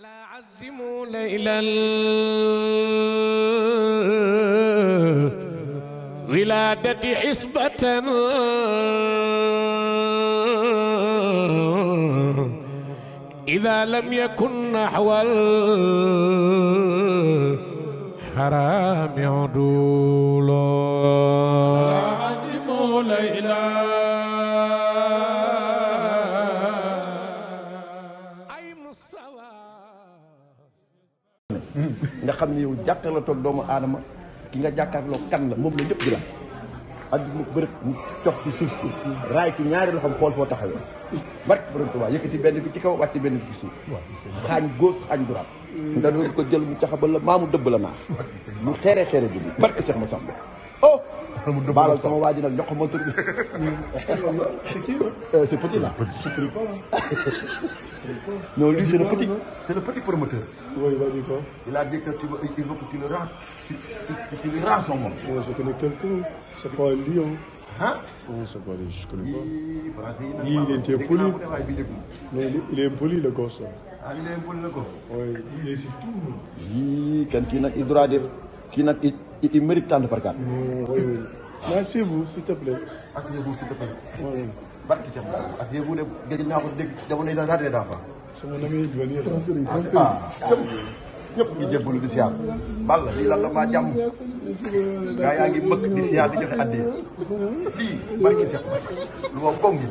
ألا عزموا إلى الولادة حسبة إذا لم يكن نحو الحرام عدو nga xam ne yow jàkkaarloo toog doomu aadama ki nga jàkkaarloo kan la moom la ñëpp di laaj ak mu bërëb mu cof ci suuf si raay ci ñaari loxoom xool foo taxawee barke ci Tuubaa yëkkati benn bi ci kaw wàcc benn bi ci suuf xaañ góos xaañ duraat nga doon ko jël mu caxabal la maamu dëbb la naax mu xeere xeere bi barke Seex ma oh Balla sama waa ji nag jox ko ma tur bi. c'est qui euh, là. c'est petit là. non lui c'est le petit. c'est le petit promoteur. oui il a dit quoi. il a dit que tu il veut que tu le rends tu tu lui rends son nom. oui je connais quelqu'un c'est pas lui ah. non c'est pas lui je connais pas. yii français il était poli. non il est poli le gosse. ah il est poli le gosse. oui il est si tout. yii kan kii nag il doit def kii nag il il mérite tant de parcades. oui oui. asseyez-vous s'il te plaît. asseyez-vous s'il te plaît. oui. barki Cheikh Moussa asseyez-vous de gëj naa ko dégg jamono yi sax daal di daan fa. sama namay ba nii sama sëriñ ah, ah di siyaar maa jàmm gaa yaa ngi mbëkk di siyaar di joxe addi lii barki Cheikh lu ma koŋ gi.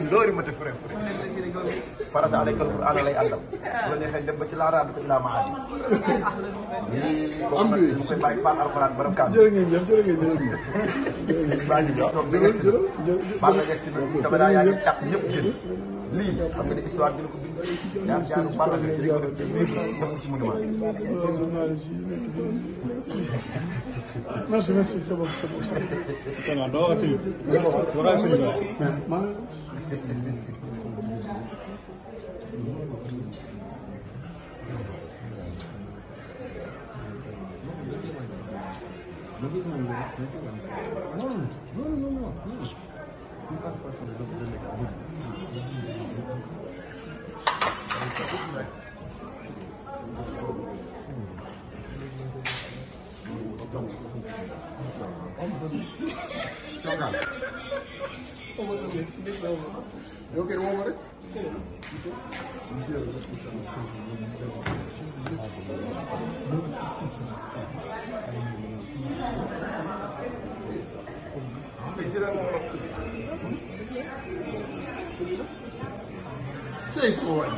loori ma te fure fure farata alaykal qur'aan lay àndal bu la neexee dem ba ci laaraam ko ilaa maadi am bi mu koy bàyyi faa alxuraan borom kaam jërë ngeen jëf jërë ngeen jëf baa ngi ñoom di ngeen si baa nga yegg si bi caméra yaa ngi tàq ñëpp jën lii xam nga ne histoire dina ko bind ñaar ñaar balla nga ci ko def ñëpp ci monument merci merci No, no, no, no, no. Eu quero uma hora. Precisa de uma hora. tey sama waay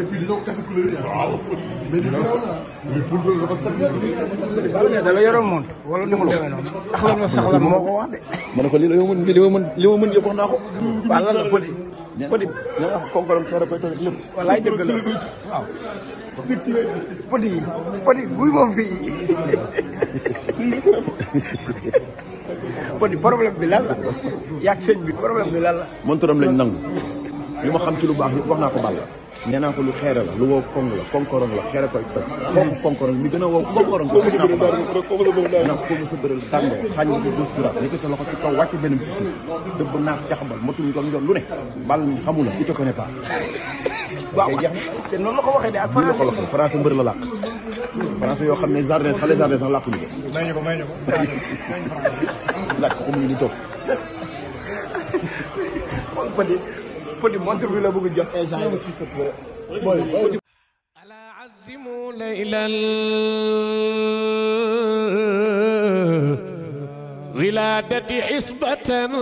et puis dañoo kese couleur yi. waaw mais li gërëm naa. li football dafa sax. bu ne da la yore mont wala deful ko noonu. ah man sax la moo ko wax de. ma ne ko li la yoo mën li ma mën li ma mën yëpp wax naa ko. waaw lan la podi. podi nee naa ko concorde ko répété lépp. walaay dëgg la waaw. podi yi podi buy moom fii podi problème bi lan la. yaa sëñ bi problème bi lan la. montaram lañ nangu. li ma xam ci lu baax yëpp wax ko Balla nee naa ko lu xeere la lu wow kong la konkorong la xeere koy toj konkorong mi gën a wow konkorong ko wax naa ko Balla nag koo mos a bëral dàndoo xañ ko dos dura sa loxo ci kaw wàcc benn ci suuf dëbb naaf jaxabal matuñ doon njool lu ne Balla xamula il la la ko yoo xam ne jardin xale jardin sax làkkuñu ko. may ñu ko may ñu petit montre bi la bëgg jot instant yi s'il te plaît ala azimu laylal wiladati isbatan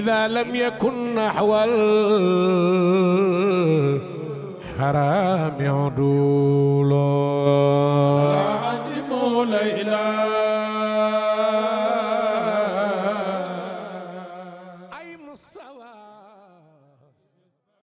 إذا لم يكن نحو الحرام عدولا عدم ليلا